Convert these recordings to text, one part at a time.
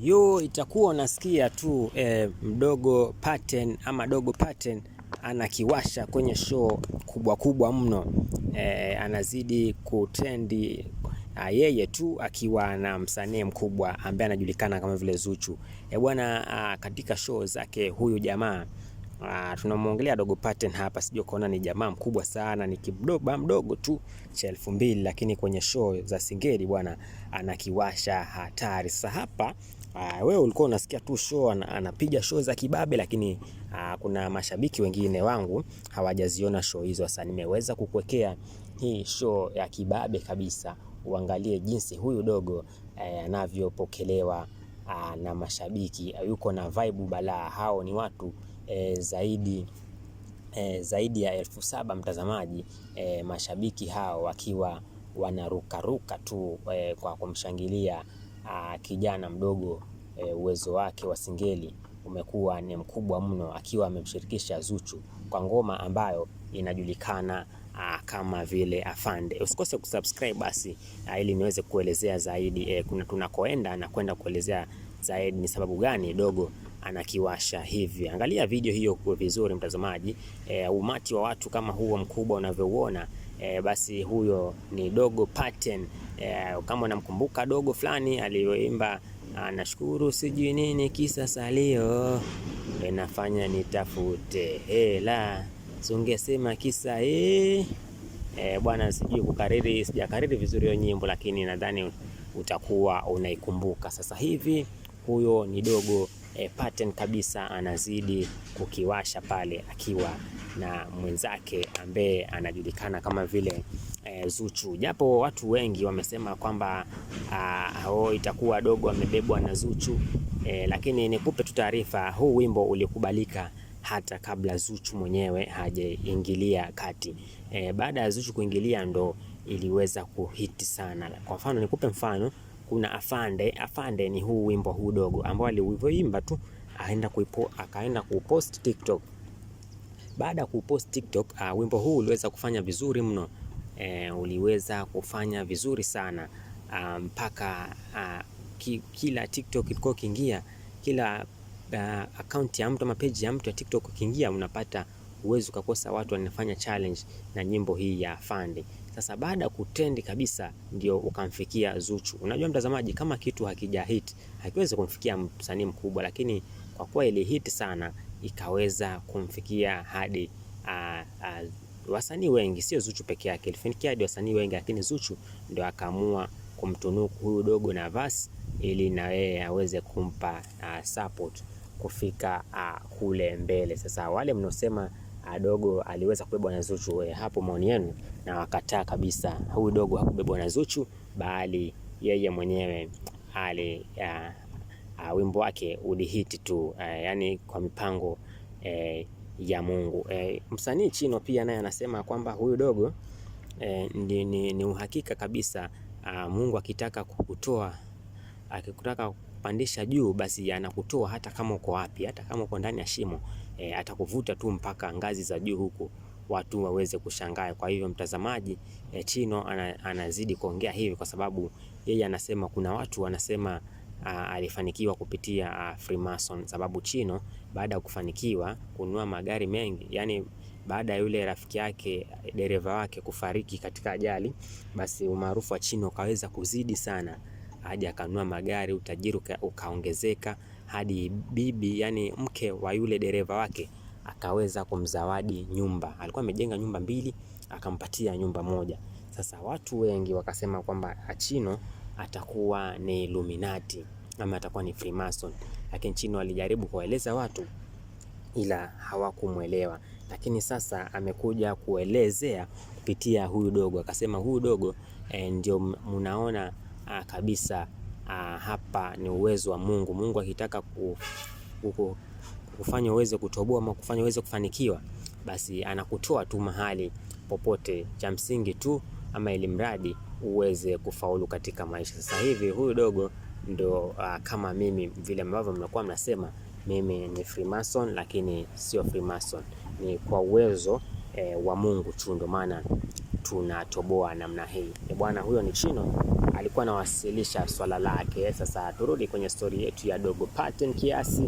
yo itakuwa unasikia tu eh, mdogo pattern ama dogo pattern anakiwasha kwenye show kubwa kubwa mno eh, anazidi kutendi ah, yeye tu akiwa na msanii mkubwa ambaye anajulikana kama vile Zuchu. Eh bwana, ah, katika show zake huyu jamaa Ah, tunamwongelea Dogo Paten hapa, sijui kuona ni jamaa mkubwa sana, ni kibdoba mdogo tu cha elfu mbili, lakini kwenye show za Singeli bwana anakiwasha hatari. Sasa hapa ah, wewe ulikuwa unasikia tu show anapiga show za kibabe, lakini ah, kuna mashabiki wengine wangu hawajaziona show hizo. Sasa nimeweza kukuwekea hii show ya kibabe kabisa, uangalie jinsi huyu dogo eh, anavyopokelewa ah, na mashabiki. Yuko na vibe balaa, hao ni watu e, zaidi e, zaidi ya elfu saba mtazamaji e, mashabiki hao wakiwa wanarukaruka tu e, kwa kumshangilia a, ah, kijana mdogo e, uwezo wake wa singeli umekuwa ni mkubwa mno, akiwa amemshirikisha Zuchu kwa ngoma ambayo inajulikana a, ah, kama vile Afande. Usikose kusubscribe basi a, ah, ili niweze kuelezea zaidi e, kuna tunakoenda na kwenda kuelezea zaidi ni sababu gani dogo anakiwasha hivi. Angalia video hiyo kwa vizuri mtazamaji. E, umati wa watu kama huo mkubwa unavyouona e, basi huyo ni Dogo Paten. E, eh, kama unamkumbuka dogo fulani aliyoimba anashukuru sijui nini kisa salio e, nafanya nitafute hela sungesema kisa e. E, bwana sijui kukariri, sijakariri vizuri hiyo nyimbo, lakini nadhani utakuwa unaikumbuka sasa hivi. Huyo ni dogo e, pattern kabisa anazidi kukiwasha pale akiwa na mwenzake ambaye anajulikana kama vile e, Zuchu, japo watu wengi wamesema kwamba o oh, itakuwa dogo amebebwa na Zuchu e, lakini nikupe tu taarifa, huu wimbo ulikubalika hata kabla Zuchu mwenyewe hajaingilia kati. E, baada ya Zuchu kuingilia ndo iliweza kuhiti sana. Kwa mfano nikupe mfano kuna afande. Afande ni huu wimbo huu dogo ambao alivyoimba tu akaenda kuipo, akaenda kupost TikTok. Baada ya kupost TikTok, uh, wimbo huu uliweza kufanya vizuri mno e, uliweza kufanya vizuri sana ah, mpaka um, uh, ki, kila TikTok ilikuwa kiingia kila uh, akaunti ya mtu ama ya mtu ya TikTok ukiingia unapata uwezo ukakosa watu wanafanya challenge na nyimbo hii ya Afande. Sasa baada ya kutendi kabisa ndio ukamfikia Zuchu. Unajua mtazamaji, kama kitu hakija hit hakiwezi kumfikia msanii mkubwa, lakini kwa kuwa ili hit sana ikaweza kumfikia hadi wasanii wengi, sio Zuchu peke yake, ilifikia hadi wasanii wengi, lakini Zuchu ndio akaamua kumtunuku huyu dogo Navas ili na yeye aweze kumpa uh, support kufika uh, kule mbele. Sasa wale mnaosema dogo aliweza kubebwa na Zuchu e, hapo maoni yenu? Na wakataa kabisa, huyu dogo hakubebwa na Zuchu, bali yeye mwenyewe ali ya, a, wimbo wake ulihiti tu a, eh, yani kwa mipango e, ya Mungu. E, msanii Chino pia naye anasema kwamba huyu dogo e, ni, ni, ni uhakika kabisa a, Mungu akitaka kukutoa akikutaka kupandisha juu basi anakutoa hata kama uko wapi, hata kama uko ndani ya shimo e, atakuvuta tu mpaka ngazi za juu huku watu waweze kushangaa. Kwa hivyo mtazamaji, e, Chino ana, anazidi kuongea hivi kwa sababu yeye anasema kuna watu wanasema a, alifanikiwa kupitia a, Freemason sababu Chino baada ya kufanikiwa kununua magari mengi yani baada ya yule rafiki yake dereva wake kufariki katika ajali, basi umaarufu wa Chino ukaweza kuzidi sana, aje akanunua magari, utajiri ukaongezeka. uka hadi bibi, yani mke wa yule dereva wake akaweza kumzawadi nyumba. Alikuwa amejenga nyumba mbili, akampatia nyumba moja. Sasa watu wengi wakasema kwamba Achino atakuwa ni Illuminati ama atakuwa ni Freemason, lakini Chino alijaribu kuwaeleza watu ila hawakumwelewa. Lakini sasa amekuja kuelezea kupitia huyu dogo, akasema huyu dogo eh, ndio mnaona ah, kabisa aa, ah, hapa ni uwezo wa Mungu. Mungu akitaka ku, kufanya uweze kutoboa ama kufanya uweze kufanikiwa, basi anakutoa tu mahali popote, cha msingi tu ama ili mradi uweze kufaulu katika maisha. Sasa hivi huyu dogo ndo uh, kama mimi vile ambavyo mnakuwa mnasema mimi ni Freemason lakini sio Freemason, ni kwa uwezo eh, wa Mungu tu, ndo maana tunatoboa namna hii. E bwana huyo ni Chino alikuwa anawasilisha swala lake. Sasa turudi kwenye stori yetu ya Dogo Paten kiasi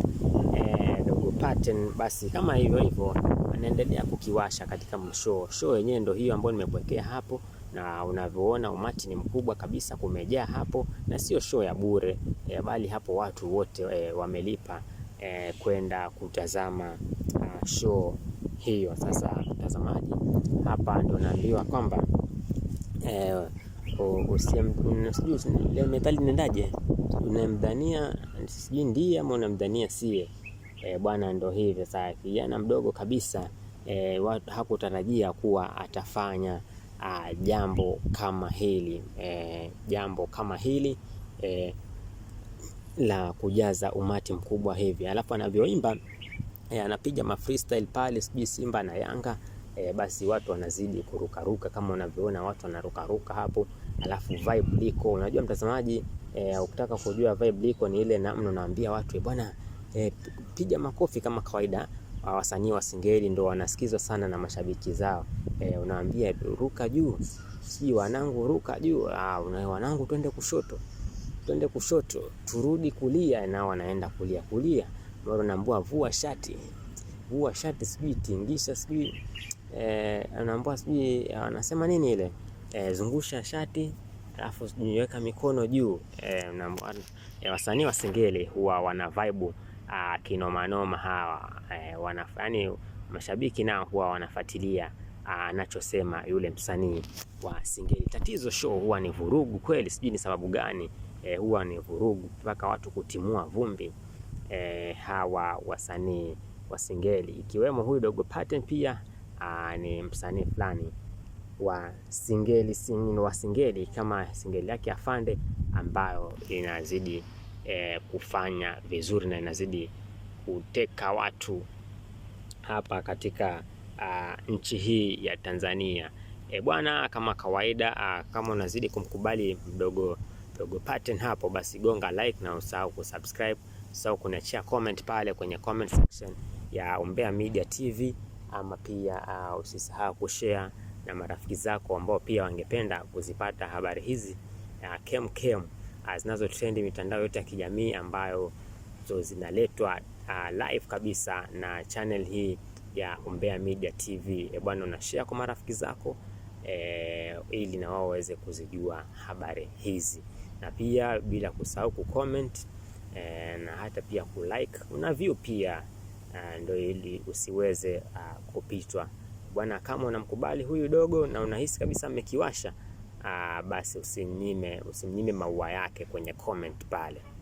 e, Dogo Paten basi kama hivyo hivyo anaendelea kukiwasha katika show. show yenyewe, ndio hiyo ambayo nimekuwekea hapo na unavyoona umati ni mkubwa kabisa, kumejaa hapo, na sio show ya bure e, bali hapo watu wote e, wamelipa e, kwenda kutazama uh, show hiyo. Sasa mtazamaji, hapa ndio naambiwa kwamba eh, sijui methali nendaje, unamdhania sijui ndiye ama unamdhania sie. E, eh, bwana ndo hivyo sasa. Kijana mdogo kabisa e, hakutarajia kuwa atafanya a, ah, jambo kama hili e, jambo kama hili e, la kujaza umati mkubwa hivi, alafu anavyoimba e, anapiga ma freestyle pale, sijui Simba na Yanga e, basi watu wanazidi kurukaruka kama unavyoona watu wanarukaruka hapo, alafu vibe liko, unajua mtazamaji e, ukitaka kujua vibe liko ni ile namna unaambia watu bwana e, piga makofi kama kawaida ah, wasanii wa Singeli ndio wanasikizwa sana na mashabiki zao. E, unaambia ruka juu, si wanangu, ruka juu. Ah, una wanangu, twende kushoto, twende kushoto, turudi kulia, na wanaenda kulia kulia. Naambua vua shati, vua shati, sijui tingisha, sijui eh, anaambua sijui anasema nini ile eh, zungusha shati alafu niweka mikono juu eh, eh, wasanii wa Singeli huwa wana vibe ah, kinoma noma hawa eh, wana yani mashabiki nao huwa wanafuatilia ah, anachosema ah, yule msanii wa Singeli. Tatizo show huwa ni vurugu kweli, sijui ni sababu gani eh, huwa ni vurugu mpaka watu kutimua vumbi e, hawa wasanii wa Singeli ikiwemo huyu Dogo Paten pia a, ah, ni msanii fulani wa Singeli, singeli, wa Singeli kama Singeli yake Afande ambayo inazidi e, kufanya vizuri na inazidi kuteka watu hapa katika a, ah, nchi hii ya Tanzania. E, bwana kama kawaida a, ah, kama unazidi kumkubali mdogo Dogo Paten hapo basi gonga like na usahau kusubscribe So kuniachia comment pale kwenye comment section ya Umbea Media TV, ama pia uh, usisahau kushare na marafiki zako ambao pia wangependa kuzipata habari hizi uh, kem kem uh, zinazo trend mitandao yote ya kijamii ambayo so zinaletwa uh, live kabisa na channel hii ya Umbea Media TV. E bwana, una share kwa marafiki zako e, ili na wao waweze kuzijua habari hizi, na pia bila kusahau kucomment Eh, na hata pia kulike una view pia eh, ndio ili usiweze uh, kupitwa bwana. Kama unamkubali huyu dogo na unahisi kabisa amekiwasha uh, basi usimnyime usimnyime maua yake kwenye comment pale.